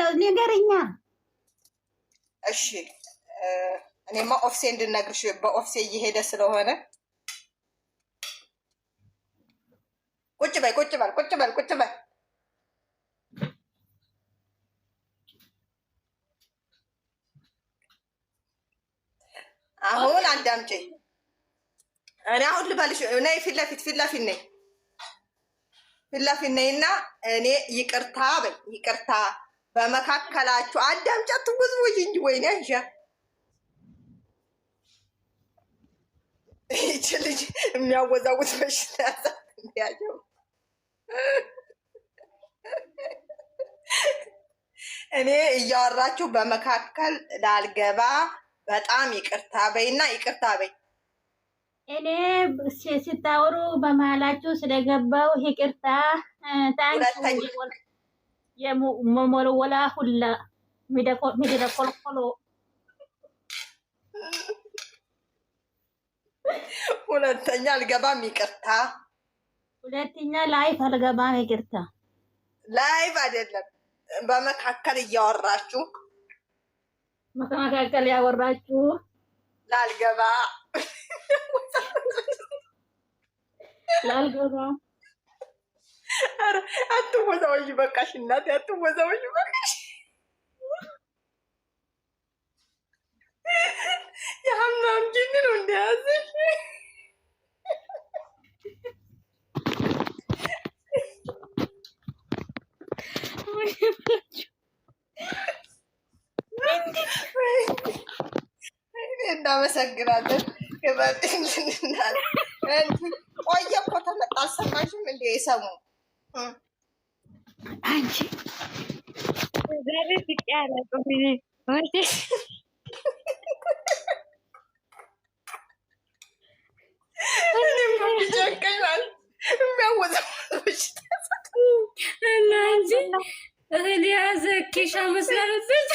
ነው? ንገረኛ። እሺ፣ እኔማ ኦፍሴ እንድነግርሽ በኦፍሴ እየሄደ ስለሆነ ቁጭ በይ፣ ቁጭ በል፣ ቁጭ በል፣ ቁጭ በል። አሁን አዳምጪኝ። እኔ አሁን ልበልሽ፣ ነይ ፊት ለፊት ፊት ለፊት ነይ፣ ፊት ለፊት ነይ እና እኔ ይቅርታ በይ፣ ይቅርታ በመካከላችሁ አዳምጪ፣ አትወዝወዥ እንጂ ወይኔ አይሻ ይቺ ልጅ የሚያወዛውዝ በሽታ ያዛት እኔ እያወራችሁ በመካከል ላልገባ በጣም ይቅርታ በይና ይቅርታ በይ። እኔ ስታወሩ በመሀላችሁ ስለገባው ይቅርታ ታንክ። የመወለወላ ሁላ ሚደረ ቆልቆሎ ሁለተኛ አልገባም ይቅርታ። ሁለተኛ ላይፍ አልገባም ይቅርታ። ላይፍ አይደለም በመካከል እያወራችሁ መካከል ያወራችሁ ላልገባ ላልገባ አትወዛወዥ በቃሽ፣ እናቴ አትወዛወዥ በቃሽ። የሀምናም ጅን ነው እንደያዘሽ እናመሰግናለን። ግበጥልናል ቆየ እኮ ተመጣ አልሰማሽም እንደ የሰሙ አንቺ ዛሬ ስቄ አላውቅም። ወደ እናንቺ እህል ያዘ ኬሻ መስላለች።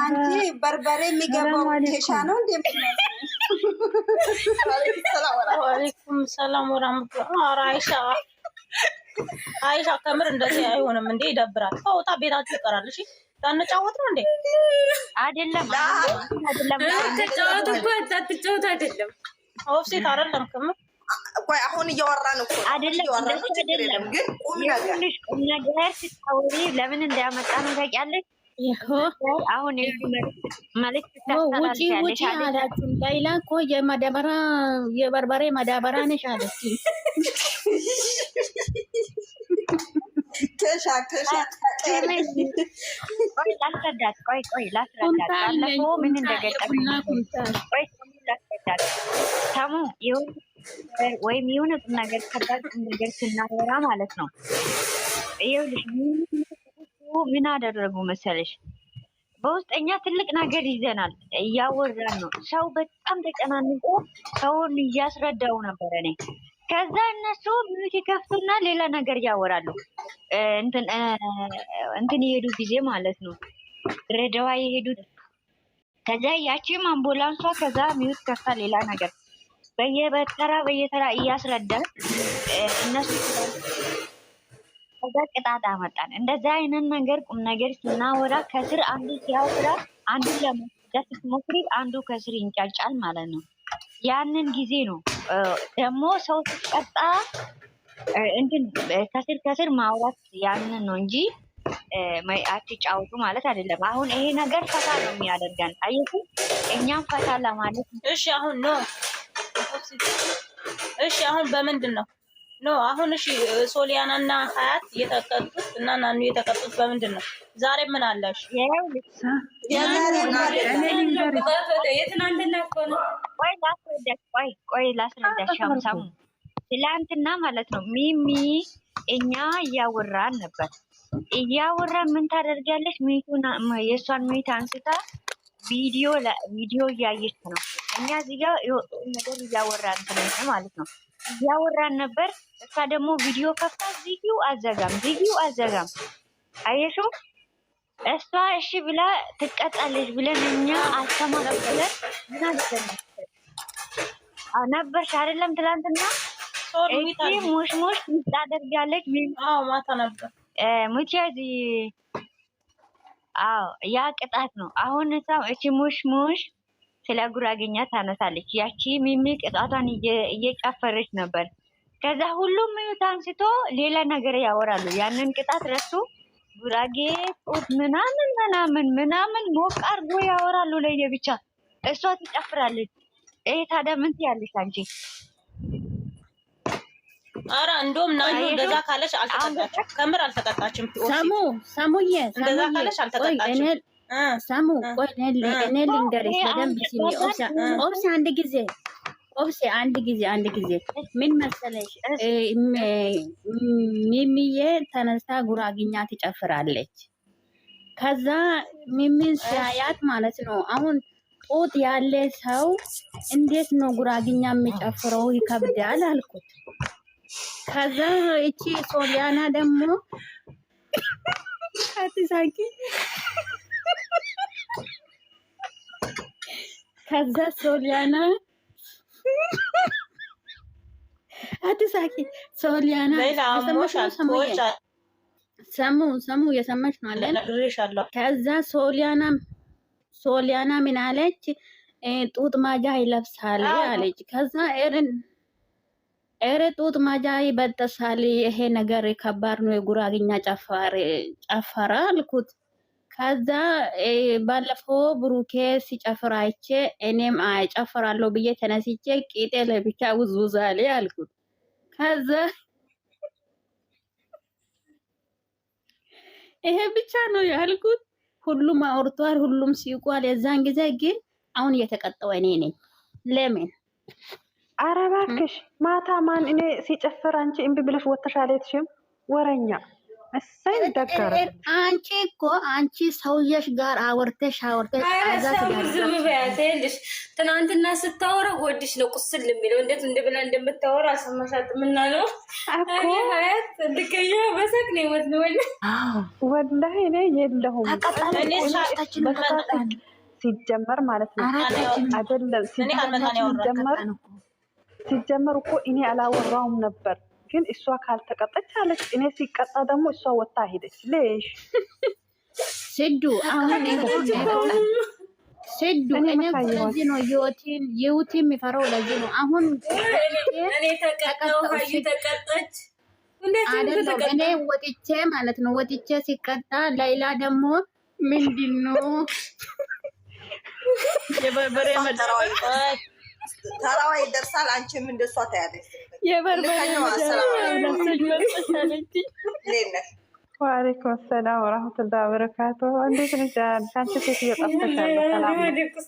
አንቺ በርበሬ የሚገባው ኬሻ ነው እንዴ? አለይኩም ሰላም ወራህመቱላህ። ኧረ አይሻ አይሻ ከምር እንደዚህ አይሆንም እንዴ! ይደብራል። ከውጣ ቤታችሁ ይቀራል። እሺ ታንጫወት ነው እንዴ? አይደለም አይደለም፣ ተጫወቱ እኮ አትጫወቱ። አይደለም ኦፍሴት አይደለም ከምር ቆይ አሁን እያወራን እኮ አይደለም፣ ግን ቁም ነገር ቁም ነገር ስታወሪ ለምን እንዳያመጣ ነው ታውቂያለሽ? አሁን ውጪ ውጪ አላችሁ። ላይላ እኮ የማዳበራ የበርበሬ ማዳበራ ነሽ አለች። ላስረዳት፣ ቆይ ቆይ ላስረዳት። ባለፈው ምን ወይም የሆነ ነገር ከባድ ነገር ስናወራ ማለት ነው ይኸውልሽ ምን አደረጉ መሰለሽ? በውስጠኛ ትልቅ ነገር ይዘናል፣ እያወራን ነው። ሰው በጣም ተጨናንቆ ሰውን እያስረዳው ነበር እኔ። ከዛ እነሱ ሚዩት ይከፍቱና ሌላ ነገር ያወራሉ። እንትን የሄዱ ጊዜ ማለት ነው ድሬዳዋ የሄዱ ከዛ ያቺም አምቡላንሷ ከዛ ሚዩት ከፍታ ሌላ ነገር በየበተራ በየተራ እያስረዳል እነሱ ከዛ ቅጣት አመጣን። እንደዛ አይነት ነገር ቁም ነገር ስናወራ ከስር አንዱ ሲያወራ አንዱ ለመደት ሞክሪ አንዱ ከስር ይንጫጫል ማለት ነው። ያንን ጊዜ ነው ደግሞ ሰው ሲቀጣ እንትን ከስር ከስር ማውራት ያንን ነው እንጂ አትጫወቱ ማለት አይደለም። አሁን ይሄ ነገር ፈታ ነው የሚያደርገን። አየቱ እኛም ፈታ ለማለት እሺ አሁን ነው እሺ አሁን በምንድን ነው ነው አሁን እሺ፣ ሶሊያና እና ሀያት የተቀጡት እና ናኑ የተቀጡት በምንድን ነው? ዛሬ ምን አለሽ? ቆይ ቆይ ላስረዳሽ። ሳሙ ትላንትና ማለት ነው ሚሚ እኛ እያወራን ነበር። እያወራን ምን ታደርጊያለሽ? የእሷን ሚዩት አንስታ ቪዲዮ ቪዲዮ እያየች ነው እኛ እዚህ ጋር ነገር እያወራን ስለሆነ ማለት ነው እያወራን ነበር። እሷ ደግሞ ቪዲዮ ከፍታ ዚጊው አዘጋም ዚጊው አዘጋም አየሽው። እሷ እሺ ብላ ትቀጣለች ብለን እኛ አልተማቀለን እና ነበርሽ አይደለም ትላንትና እቺ ሙሽ ሙሽ ታደርጋለች። አዎ ማታ ነበር ሙቲያዚ። አዎ ያ ቅጣት ነው። አሁን እሷ እቺ ሙሽ ሙሽ ስለ ጉራጌኛ ታነሳለች። ያቺ ሚሚ ቅጣቷን እየጨፈረች ነበር። ከዛ ሁሉም ሚዩት አንስቶ ሌላ ነገር ያወራሉ። ያንን ቅጣት ረሱ። ጉራጌ ጡት ምናምን ምናምን ምናምን ሞቅ አድርጎ ያወራሉ ለየ ብቻ እሷ ትጨፍራለች። ይሄ ታዲያ ምን ትያለሽ አንቺ? አረ እንደውም ናዩ እንደዛ ካለሽ አልተጠጣችም፣ ከምር አልተጠጣችም። ሰሙ ሰሙዬ እንደዛ ካለሽ አልተጠጣችም። ሰሙ እኔ ልንገርሽ በደንብ ስሚ። ኦብሴ አንድ ጊዜ ኦብሴ አንድ ጊዜ አንድ ጊዜ ምን መሰለሽ ሚሚዬ ተነስታ ጉራግኛ ትጨፍራለች። ከዛ ሚሚን ሲያያት ማለት ነው አሁን ጡት ያለ ሰው እንዴት ነው ጉራግኛ የሚጨፍረው? ይከብዳል አልኩት። ከዛ እቺ ሶሊያና ደግሞ አትሳቂ ከዛ ሶሊያና አትሳቂ። ሶሊያና ሰሙ ሰሙ የሰማች ነው ከዛ ሶሊያና ሶሊያና ምን አለች? ጡት ማጃ ይለብሳል አለች። ከዛ ኤርን ኤረ ጡት ማጃ ይበጠሳል። ይሄ ነገር ከባድ ነው የጉራግኛ ጨፋራ አልኩት። ከዛ ባለፈው ብሩኬ ሲጨፍር አይቼ እኔም ጨፍራለሁ ብዬ ተነስቼ ቂጤ ለብቻ ውዝውዛሌ አልኩት። ከዛ ይሄ ብቻ ነው ያልኩት። ሁሉም አውርቷል፣ ሁሉም ሲቋል። የዛን ጊዜ ግን አሁን እየተቀጠው እኔ ነኝ። ለምን አረባክሽ ማታ ማን እኔ ሲጨፍር አንቺ እምቢ ብለሽ ወተሻለትሽም ወረኛ አንቺ እኮ አንቺ ሰውየሽ ጋር አወርተሽ አወርተሽ ትናንትና ስታወራ ወዲሽ ነው ቁስል የሚለው እንዴት እንደ ብላ እንደምታወራ አልሰማሻትም? እና ነው ሀያት ልከኛ በሰቅ ነው ይወት ነው ወላሂ እኔ የለሁም ሲጀመር ማለት ነው አይደለም ሲጀመር እኮ እኔ አላወራውም ነበር ግን እሷ ካልተቀጠች አለች። እኔ ሲቀጣ ደግሞ እሷ ወጣ ሄደች። ልሽ ስዱ ስዱ እኔ ለዚህ ነው ዩቲን ዩቲ የሚፈራው ለዚህ ነው። አሁን እኔ እኔ ወጥቼ ማለት ነው ወጥቼ ሲቀጣ ላይላ ደግሞ ምንድን ነው የበርበሬ መጠራዋ ይደርሳል። አንቺም እንደሷ ታያለች። يا وعليكم السلام ورحمة الله وبركاته عندي فنجان كان شفت في طفل كان السلام عليكم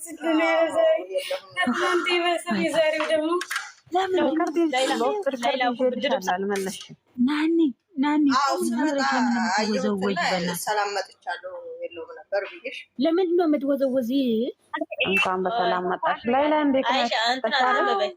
آه، ناني ناني زوج سلام لمن ما متوزوزي؟ انت عم بسلام مطرح ليلى عندك عايشة انت انا ببيت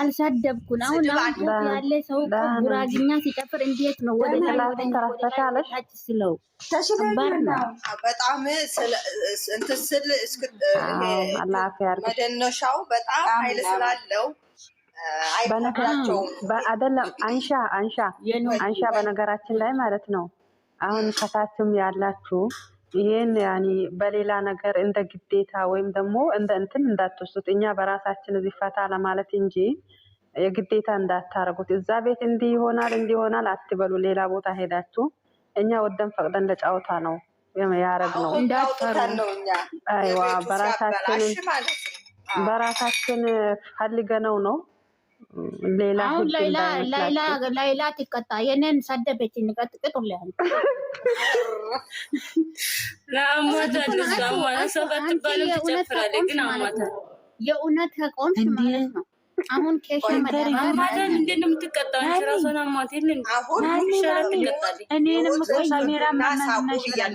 አልሳደብኩን። አሁን ያለ ሰው ጉራግኛ ሲጨፍር እንዴት ነው ወደ ታች ስለው በጣም እንትን ስል መደነሻው በጣም ኃይል ስላለው አይደለም። አንሻ አንሻ አንሻ በነገራችን ላይ ማለት ነው አሁን ከታችም ያላችሁ ይህን ያኔ በሌላ ነገር እንደ ግዴታ ወይም ደግሞ እንደ እንትን እንዳትወስዱት። እኛ በራሳችን እዚህ ፈታ ለማለት እንጂ የግዴታ እንዳታረጉት። እዛ ቤት እንዲህ ይሆናል እንዲህ ይሆናል አትበሉ። ሌላ ቦታ ሄዳችሁ እኛ ወደን ፈቅደን ለጫወታ ነው ያረግ ነው። እንዳትፈሩ። በራሳችን በራሳችን ፈልገነው ነው አሁን ላይላ ትቀጣ የኔን ሰደበች ንቀጥቅጡ ሊያል የእውነት ከቆምሽ ማለት ነው። አሁን ኬሻ መዳማዳን እንዴት ነው የምትቀጣው? ራሷን አሟት የለ እኔንም እኮ ሰሜራ ማናዝናሽ ይላል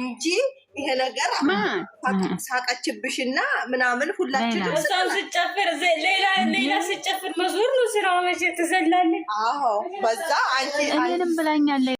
እንጂ ይሄ ነገር ሳቀችብሽና ምናምን ሁላችንም ስጨፍር ሌላ ሌላ ስጨፍር መዞር ነው ስራው። መቼ ትዘላለች። አዎ በዛ አንቺ እኔንም ብላኛለች።